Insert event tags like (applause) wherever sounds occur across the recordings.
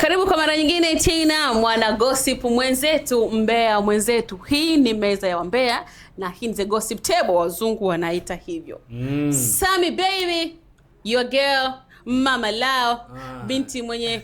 Karibu kwa mara nyingine tena mwana gossip mwenzetu, mbea mwenzetu. Hii ni meza ya wambea na hii ni the gossip table, wazungu wanaita hivyo. Mm. Sami baby, your girl mama lao ah. Binti mwenye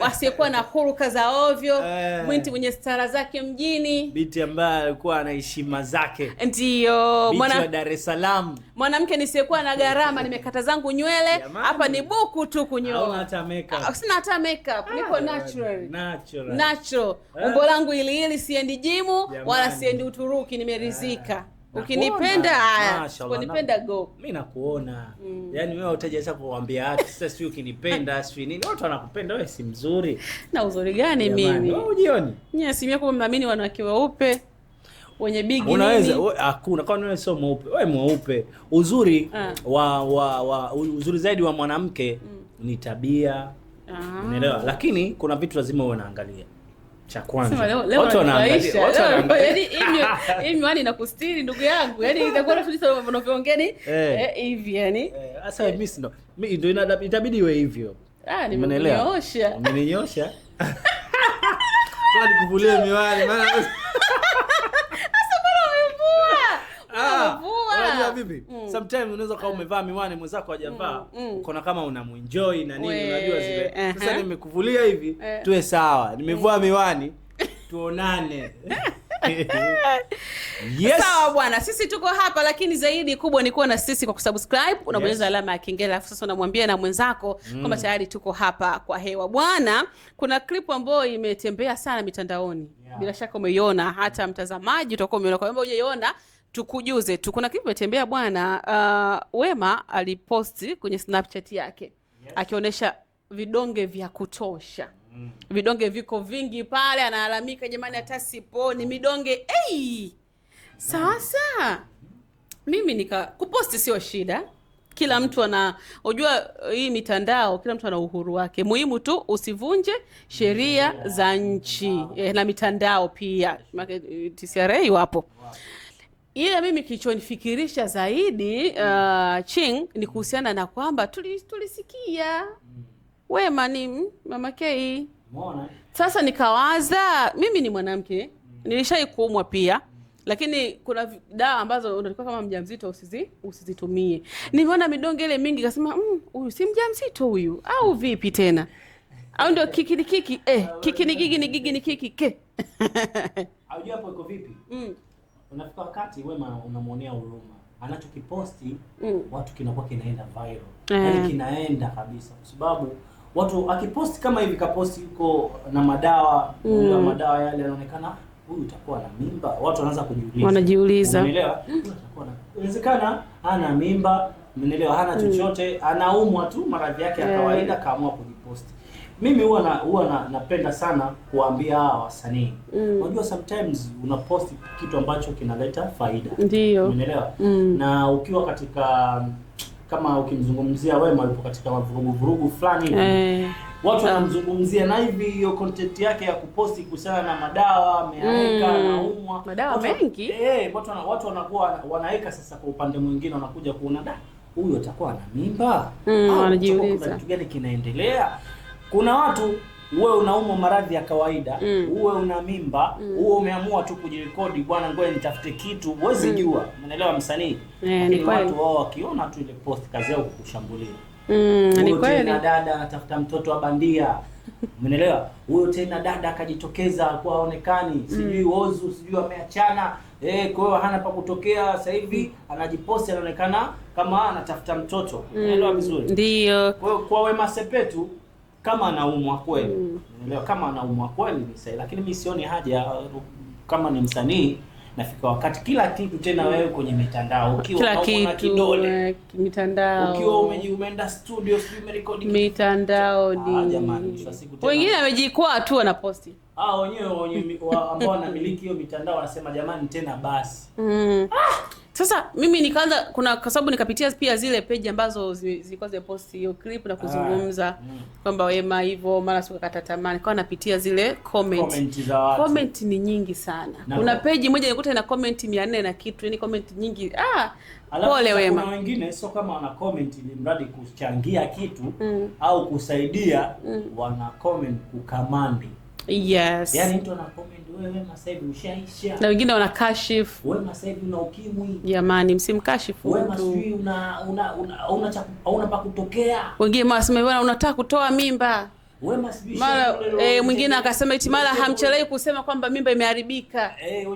asiyekuwa na huruka za ovyo eh. Binti mwenye stara zake mjini, binti ambaye alikuwa ana heshima zake, ndio mwana wa Dar es Salaam, mwanamke nisiyekuwa na gharama. Nimekata zangu nywele hapa, ni buku tu kunyoa, ah, sina hata makeup, ah, niko natural natural, natural. Eh? Umbo langu ili siendi jimu wala siendi Uturuki, nimeridhika ah. Ukinipenda ukinipenda go. Mimi nakuona. Mm. Yaani wewe sasa kuambia hata sasa sio ukinipenda, (laughs) sio nini. Watu wanakupenda wewe si mzuri. Na uzuri gani mimi? Wewe ujioni. Ni asilimia kwa mnaamini wanawake weupe wenye big nini? Unaweza hakuna kwa nini sio mweupe. Wewe mweupe. Uzuri ah, wa, wa, wa uzuri zaidi wa mwanamke mm, ni tabia. Ah. Unaelewa? Lakini kuna vitu lazima uwe unaangalia cha kwanza watu wanaangalia watu wanaangalia, yani hii miwani na kustiri ndugu yangu, yani itakuwa na fulisa mambo unavyoongea ni eh. Eh, hivi, yani sasa eh, mimi ndo mimi ndo itabidi iwe hivyo. Ah, nimenyosha umeninyosha, (laughs) kwani kuvulia miwani maana vipi? Mm. Sometimes unaweza kuwa mm. umevaa miwani mwenzako hajavaa, mm. mm. ukaona kama unamuenjoy na nini, unajua zile. uh -huh. sasa nimekuvulia hivi, eh. tuwe sawa. Nimevua eh. miwani, (laughs) tuonane. (laughs) Yes. Sawa bwana, sisi tuko hapa lakini zaidi kubwa ni kuwa na sisi kwa kusubscribe, unabonyeza yes, alama ya kengele alafu sasa unamwambia na mwenzako mm, kwamba tayari tuko hapa kwa hewa bwana. Kuna klipu ambayo imetembea sana mitandaoni yeah, bila shaka umeiona, hata mtazamaji utakuwa umeona, kwa hiyo ujaiona tukujuze tu, kuna kitu kimetembea bwana. Uh, Wema aliposti kwenye Snapchat yake yes, akionyesha vidonge vya kutosha mm, vidonge viko vingi pale, analalamika jamani, hata siponi midonge hey! Sasa mm, mimi nika kuposti sio shida kila mtu ana unajua, uh, hii mitandao, kila mtu ana uhuru wake. Muhimu tu usivunje sheria za nchi wow. E, na mitandao pia TCRA wapo wow. Ile mimi kilichonifikirisha zaidi uh, Ching ni kuhusiana na kwamba tulisikia tuli mm. Wema ni mm, Mama K. Sasa nikawaza mimi ni mwanamke mm. nilishai kuumwa pia, lakini kuna dawa ambazo unatakiwa kama mjamzito usizi usizitumie. Nimeona midonge ile mingi, kasema huyu si mjamzito huyu, au vipi tena? Au ndio kiki ni kiki eh, kiki ni gigi ni gigi ni kiki ke hapo iko vipi? unafika wakati Wema unamwonea huruma, anachokiposti mm. watu kinakuwa kinaenda viral mm. kinaenda kabisa, kwa sababu watu akiposti kama hivi, kaposti yuko na madawa mm. madawa yale yanaonekana huyu utakuwa na mimba, watu wanaanza kujiuliza, wanajiuliza, Inawezekana ana mimba, umeelewa? Hana mm. chochote, anaumwa tu maradhi yake ya yeah. kawaida, kaamua mimi huwa na huwa na, napenda sana kuambia hawa wasanii mm. Unajua sometimes unapost kitu ambacho kinaleta faida, ndio umeelewa mm. na ukiwa katika kama ukimzungumzia Wema alipo katika vurugu vurugu fulani eh, watu wanamzungumzia na hivi hiyo content yake ya kuposti kuhusiana na madawa ameaika mm. anaumwa madawa mengi eh, watu watu wanakuwa wanaweka sasa, kwa upande mwingine wanakuja kuona da, huyu atakuwa na mimba mm, anajiuliza kitu gani kinaendelea kuna watu uwe unaumwa maradhi ya kawaida mm. uwe una mimba mm. uwe umeamua tu kujirekodi, bwana, ngoja nitafute kitu, huwezi mm. jua, unaelewa msanii yeah, lakini watu wao wakiona tu ile post kazi yao kukushambulia mm, huyo tena dada anatafuta mtoto wa bandia umeelewa? Huyo tena dada akajitokeza kwa onekani mm. sijui mm. ozu, sijui ameachana. eh, kwa hiyo hana pa kutokea sasa hivi, anajiposti anaonekana kama anatafuta mtoto, mm. umeelewa vizuri? Ndio kwa kwa Wema Sepetu kama anaumwa kweli mm. kama anaumwa kweli ni sahihi, lakini mimi sioni haja kama ni msanii nafika wakati kila kitu tena, wewe kwenye mitandao ukiwa una eh, kidole mitandao, ukiwa umeji umeenda studio sio umerekodi mitandao. Ah, ni wengine wamejikwaa tu wanaposti, ah, wenyewe ambao wanamiliki hiyo mitandao wanasema jamani, tena basi mm. ah! Sasa mimi nikaanza kuna kwa sababu nikapitia pia zile page ambazo zilikuwa zimeposti hiyo clip na ah, kuzungumza mm, kwamba wema hivyo mara sio kata tamani. Kwa napitia zile comment. Comment ni nyingi sana. Na kuna page moja nikuta ina comment 400 na kitu, yani comment nyingi. Ah, pole Wema. Kuna wengine sio kama wana comment ni mradi kuchangia kitu mm, au kusaidia mm, wana comment kukamandi. Yes. Yaani mtu ana comment wewe wema ushaisha. Na wengine wana kashifu. Wewe sasa una ukimwi. Jamani msimkashifu mtu. Wema una una una una, una, una pa kutokea. Wengine wasema unataka kutoa mimba mara eh, mwingine akasema eti mara hamchelei kusema kwamba mimba imeharibika. Eh,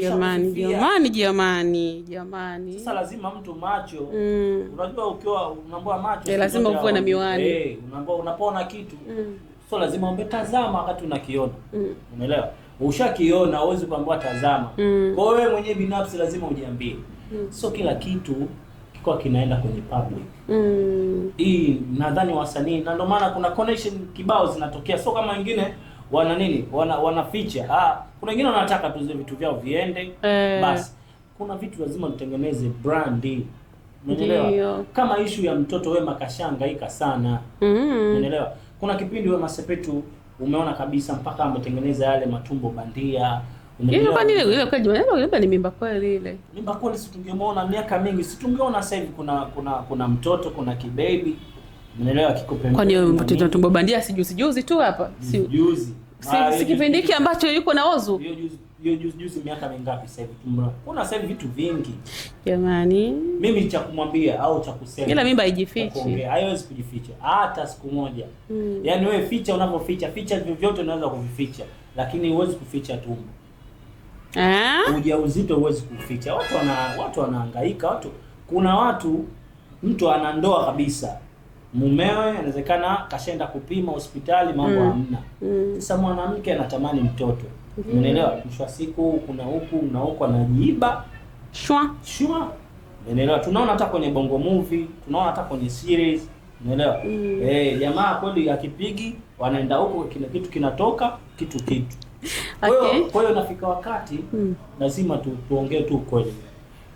jamani, jamani, jamani, jamani, sasa lazima mtu macho, mm. Unajua ukiwa unaambiwa macho eh, lazima uwe na miwani eh, unaambiwa unapoona kitu mm. So lazima umbe tazama wakati unakiona mm. Unaelewa, ushakiona huwezi kuambiwa tazama mm. Kwa hiyo wewe mwenyewe binafsi lazima ujiambie mm. Sio kila kitu kilikuwa kinaenda kwenye public mm. Hii nadhani wasanii na ndio maana kuna connection kibao zinatokea, sio kama wengine wana nini wana wanaficha. Ah, kuna wengine wanataka tu zile vitu vyao viende eh. Basi kuna vitu lazima nitengeneze brandi, Unaelewa? Kama ishu ya mtoto Wema kashangaika sana, mm-hmm. umeelewa? mm. Kuna kipindi Wema Sepetu umeona kabisa mpaka ametengeneza yale matumbo bandia Labda yaani yaani ni mimba kweli ile. Mimba kweli, si tungemwona miaka mingi, si tungeona sasa hivi kuna kuna kuna mtoto kuna kibaby. Mnaelewa kiko pembeni. wewe mtoto tumbo bandia si juzi juzi tu hapa? Si juzi. Si ah, kipindi hiki ambacho yuko na ozu. Hiyo juzi hiyo juzi juzi miaka mingapi sasa hivi tumbo. Kuna sasa hivi vitu vingi. Jamani. Mimi cha kumwambia au cha kusema. Ila mimba haijifichi. Haiwezi kujificha hata siku moja. Mm. Yaani wewe ficha unavyoficha, ficha vyovyote unaweza kuvificha, lakini huwezi kuficha tumbo. Eh? Ujauzito huwezi kuficha. Watu wana, watu wanahangaika, watu kuna watu mtu ana ndoa kabisa, mumewe anawezekana kashenda kupima hospitali, mambo mm. hamna. Mm. Sasa mwanamke anatamani mtoto, mm-hmm. umeelewa? Mwisho wa siku kuna huku na huku anajiiba shwa shwa, Unaelewa, Tunaona hata kwenye bongo movie, tunaona hata kwenye series, Mm. Eh, jamaa kweli akipigi wanaenda huko, kila kitu kinatoka kitu kitu okay. Kwa hiyo nafika wakati hmm. lazima tu, tuongee tu ukweli.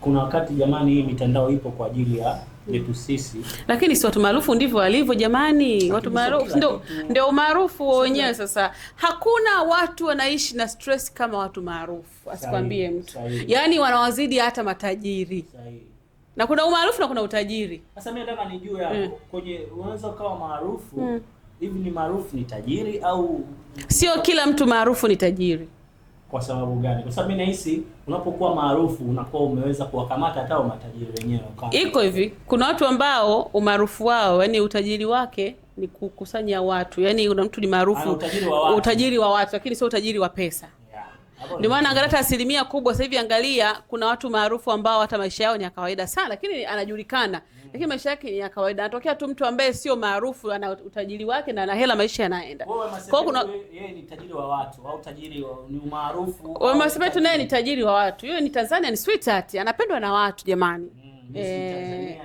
Kuna wakati jamani, hii mitandao ipo kwa ajili ya hmm. yetu sisi, lakini si watu maarufu ndivyo walivyo jamani. Watu maarufu ndio ndio umaarufu wenyewe. Sasa hakuna watu wanaishi na stress kama watu maarufu, asikwambie mtu, yaani wanawazidi hata matajiri sahi. na kuna umaarufu na kuna utajiri. Sasa mimi nataka nijue hapo mm. kwenye unaweza ukawa maarufu mm hivi ni maarufu ni tajiri au sio? Kila mtu maarufu ni tajiri. Kwa sababu gani? Kwa sababu mimi nahisi unapokuwa maarufu unakuwa umeweza kuwakamata hata matajiri wenyewe. Iko hivi, kuna watu ambao umaarufu wao, yani utajiri wake ni kukusanya watu, yani una mtu ni maarufu utajiri wa watu, lakini sio utajiri wa pesa. Ndio maana angalia hata asilimia kubwa sasa hivi, angalia kuna watu maarufu ambao hata maisha yao ni ya kawaida sana, lakini anajulikana mm. lakini maisha yake ni ya kawaida. Anatokea tu mtu ambaye sio maarufu, ana utajiri wake na ana hela, maisha yanaenda. Kwa kuna yeye ni tajiri wa watu au tajiri wa, ni maarufu. Wema Sepetu naye ni tajiri wa watu, yeye ni Tanzania, ni sweetheart, anapendwa na watu jamani mm. E,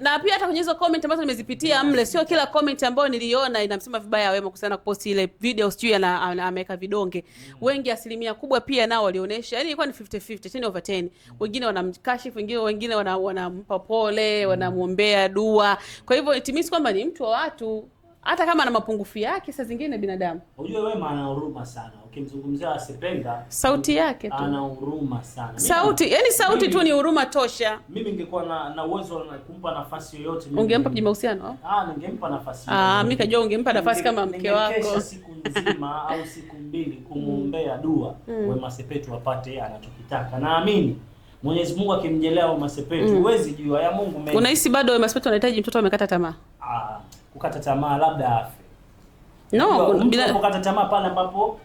na pia hata kwenye hizo comment ambazo nimezipitia mle, sio kila comment ambayo niliona inamsema vibaya Wema kuhusiana na kuposti ile video, sijui ameweka vidonge mm. Wengi asilimia kubwa pia nao walionyesha, yani ilikuwa ni 50 50, 10 over 10. Wengine wanamkashifu, wengine wengine wanampa wana pole, mm. wanamwombea dua. Kwa hivyo itimisi kwamba ni mtu wa watu hata kama na mapungufu yake saa zingine binadamu. Unajua Wema ana huruma sana. Ukimzungumzia Asipenda sauti yake tu ana huruma sana. Sauti, mimi, yani sauti mimi, tu ni huruma tosha. Mimi ningekuwa na na uwezo na kumpa nafasi yoyote mimi. Ungempa kwenye mahusiano? Ah, ningempa nafasi. Ah, mimi kajua ungempa nafasi kama mke wako. Siku nzima (laughs) au siku mbili mm. kumuombea dua mm. Wema Sepetu apate anachokitaka. Naamini Mwenyezi Mungu akimjelea Wema Sepetu, mm. huwezi mm. jua ya Mungu mengi. Unahisi bado Wema Sepetu anahitaji mtoto amekata tamaa? Ah kukata tamaa, labda afe. No, bila kukata tamaa pale ambapo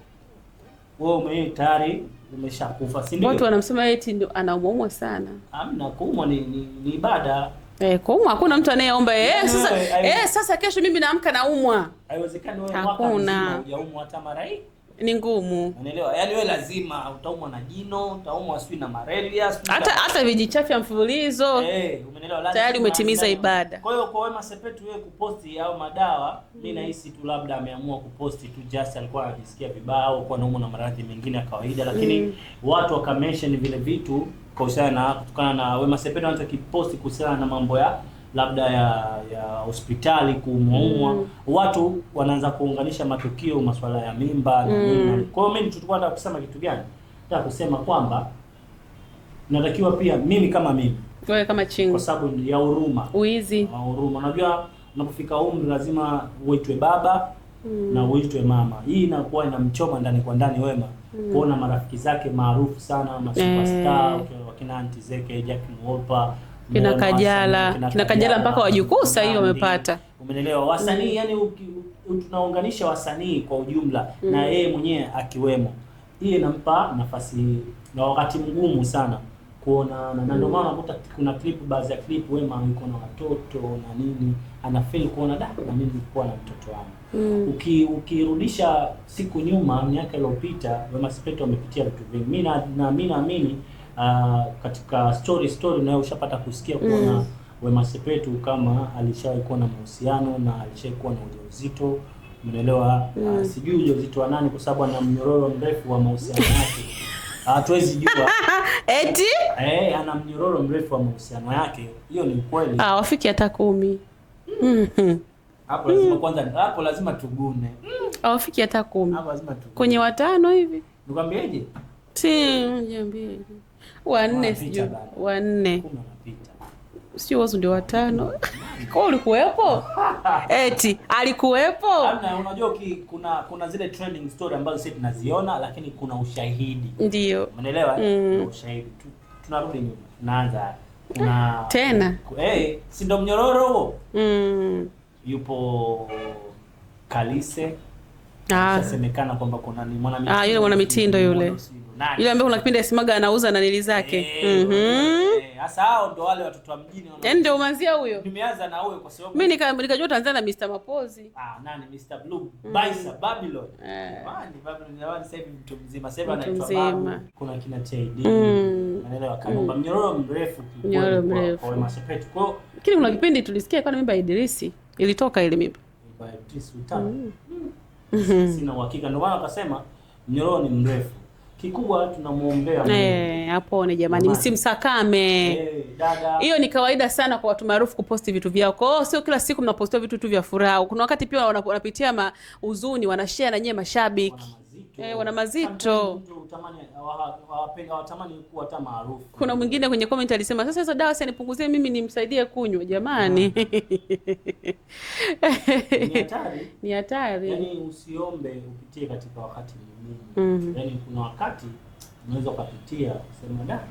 wewe ume tayari umeshakufa, si ndio? Watu wanamsema eti ndio anaumwa sana. Hamna kuumwa, ni, ni, ni ibada. Eh, kuumwa hakuna mtu anayeomba eh, yaani sasa, eh, sasa kesho mimi naamka naumwa. Haiwezekani wewe mwaka mzima hujaumwa hata mara hii ni ngumu, unaelewa? Yaani wewe lazima utaumwa na jino, utaumwa sijui na malaria, hata hata vijichafya mfululizo. eh, umeelewa? Tayari umetimiza ibada. Kwa hiyo kwa Wema Sepetu wewe kuposti au madawa, mimi mm. nahisi tu labda ameamua kuposti tu just alikuwa anajisikia vibaya au kwa naumwa na maradhi mengine ya kawaida, lakini mm, watu wakamention vile vitu kuhusiana na kutokana na Wema Sepetu kuposti kuhusiana na mambo ya labda ya ya hospitali kuumwaumwa, mm. watu wanaanza kuunganisha matukio, masuala ya mimba na mm. nini. Kwa hiyo mimi nilichokuwa nataka kusema kitu gani? Nataka kusema kwamba natakiwa pia mimi kama mimi wewe kama chingu, kwa sababu ya huruma, uizi na huruma. Unajua, unapofika umri lazima uitwe baba mm. na uitwe mama. Hii inakuwa inamchoma ndani kwa ndani wema mm. kuona marafiki zake maarufu sana, ma superstar eh. wakina Aunty zake Jack Mwopa kina Kajala, kina Kajala mpaka wajukuu sasa hivi wamepata, umeelewa? Wasanii mm. yani tunaunganisha wasanii kwa ujumla mm. na yeye mwenyewe akiwemo, ile inampa nafasi na wakati mgumu sana kuona na ndio mm. maana unakuta kuna clip, baadhi ya clip Wema yuko na watoto na nini, ana feel kuona da, na mimi nilikuwa na mtoto wangu mm. Uki, ukirudisha siku nyuma, miaka iliyopita Wema Sepetu amepitia vitu vingi, mimi na mimi naamini uh, katika story story nawe ushapata kusikia kuona mm. Wema Sepetu kama alishawahi kuwa na mahusiano na alishawahi kuwa na ujauzito umeelewa? Ah, mm. Uh, sijui ujauzito wa nani, kwa sababu ana mnyororo mrefu wa mahusiano yake ah, hatuwezi jua (laughs) eti eh, ana mnyororo mrefu wa mahusiano yake. Hiyo ni ukweli, ah, wafiki hata kumi mm. mm-hmm. hapo lazima mm. kwanza, hapo lazima tugune, hawafiki hata kumi hapo lazima tugune kwenye watano hivi, nikwambieje? si niambie wanne, sijui wanne, sio wazo ndio watano. Kwa ulikuwepo? (laughs) Eti alikuwepo? Ana, unajua kuna kuna zile trending story ambazo sisi tunaziona lakini kuna ushahidi. Ndio. Umeelewa? Mm. Ushahidi. Tunarudi nyuma. Naanza. Kuna tena. Eh, si ndio mnyororo huo? Mm. Yupo Kalise Inasemekana kwamba kuna ni mwana mitindo. Ah, yule mwana mitindo yule. Yule ambaye kuna kipindi asimaga anauza nili zake. Sasa eh, mhm. eh, hao wale watoto wa mjini Yaani ndio umanzia huyo. Nimeanza na huyo kwa sababu mimi nika nikajua Tanzania na Mr Mapozi. Ah, nani Mr mm. Baisa Babylon. Eh. Babylon wale sasa mtu mzima. Sasa anaitwa Kuna kina mm. kama mm. mnyororo mrefu kwa Kwa masepetu. Kwa hiyo kile kuna kipindi tulisikia kwa mimba Idrisi. Ilitoka ile mimba. Idrisi Mm-hmm. Sina uhakika, ndio maana akasema mnyororo ni mrefu. Kikubwa tunamuombea eh, apone jamani, msimsakame eh, hiyo. Hey, ni kawaida sana kwa watu maarufu kuposti vitu vyao, kwa sio kila siku mnapostia vitu tu vya furaha. Kuna wakati pia wanapitia huzuni, wanashare na nyie mashabiki eh, wana mazito maarufu. Kuna mwingine kwenye comment alisema sasa hizo dawa sianipunguzie mimi nimsaidie kunywa. Jamani, (laughs) ni hatari. Yaani usiombe upitie katika wakati mwingine. Mm. Yaani kuna wakati unaweza ukapitia kusema da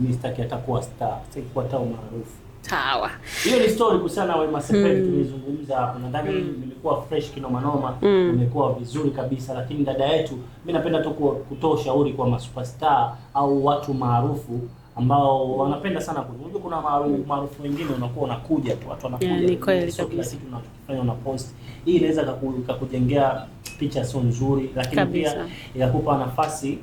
mistaki atakuwa star, sikuwa tao maarufu. Sawa. Hiyo ni story kuhusiana na Wema Sepetu mm. tumezungumza hapo nadhani mm. Nilikuwa fresh kinoma noma mm. Imekuwa vizuri kabisa, lakini dada yetu, mimi napenda tu kutoa ushauri kwa masuperstar au watu maarufu ambao wanapenda sana ku. Unajua kuna maarufu hmm. maarufu wengine unakuwa unakuja tu watu wanakuja. Yeah, ni kweli kabisa. Kitu unachofanya una post. Hii inaweza kukujengea picha sio nzuri, lakini kabisa. pia inakupa nafasi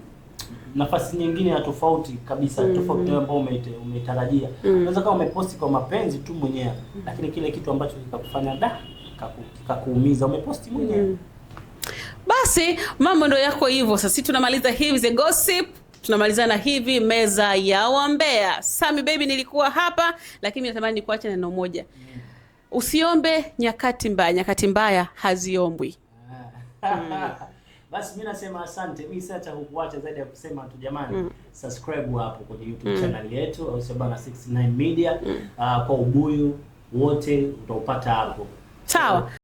nafasi nyingine ya tofauti kabisa mm -hmm. tofauti na ambayo umeitarajia mm -hmm. kama umeposti kwa mapenzi tu mwenyewe mm -hmm. lakini kile kitu ambacho kikakufanya da kikakuumiza umeposti mwenyewe mm -hmm. Basi mambo ndio yako hivyo. Sasa tunamaliza hivi the gossip tunamalizana hivi meza ya wambea. Sami baby, nilikuwa hapa lakini natamani nikuache neno moja mm. Usiombe nyakati mbaya, nyakati mbaya haziombwi (laughs) mm. Basi mimi nasema asante. Mimi sasa hukuacha zaidi ya kusema tu jamani, mm. subscribe hapo kwenye YouTube mm. channel yetu au Sabana 69 Media mm. uh, kwa ubuyu wote utaupata hapo. Sawa.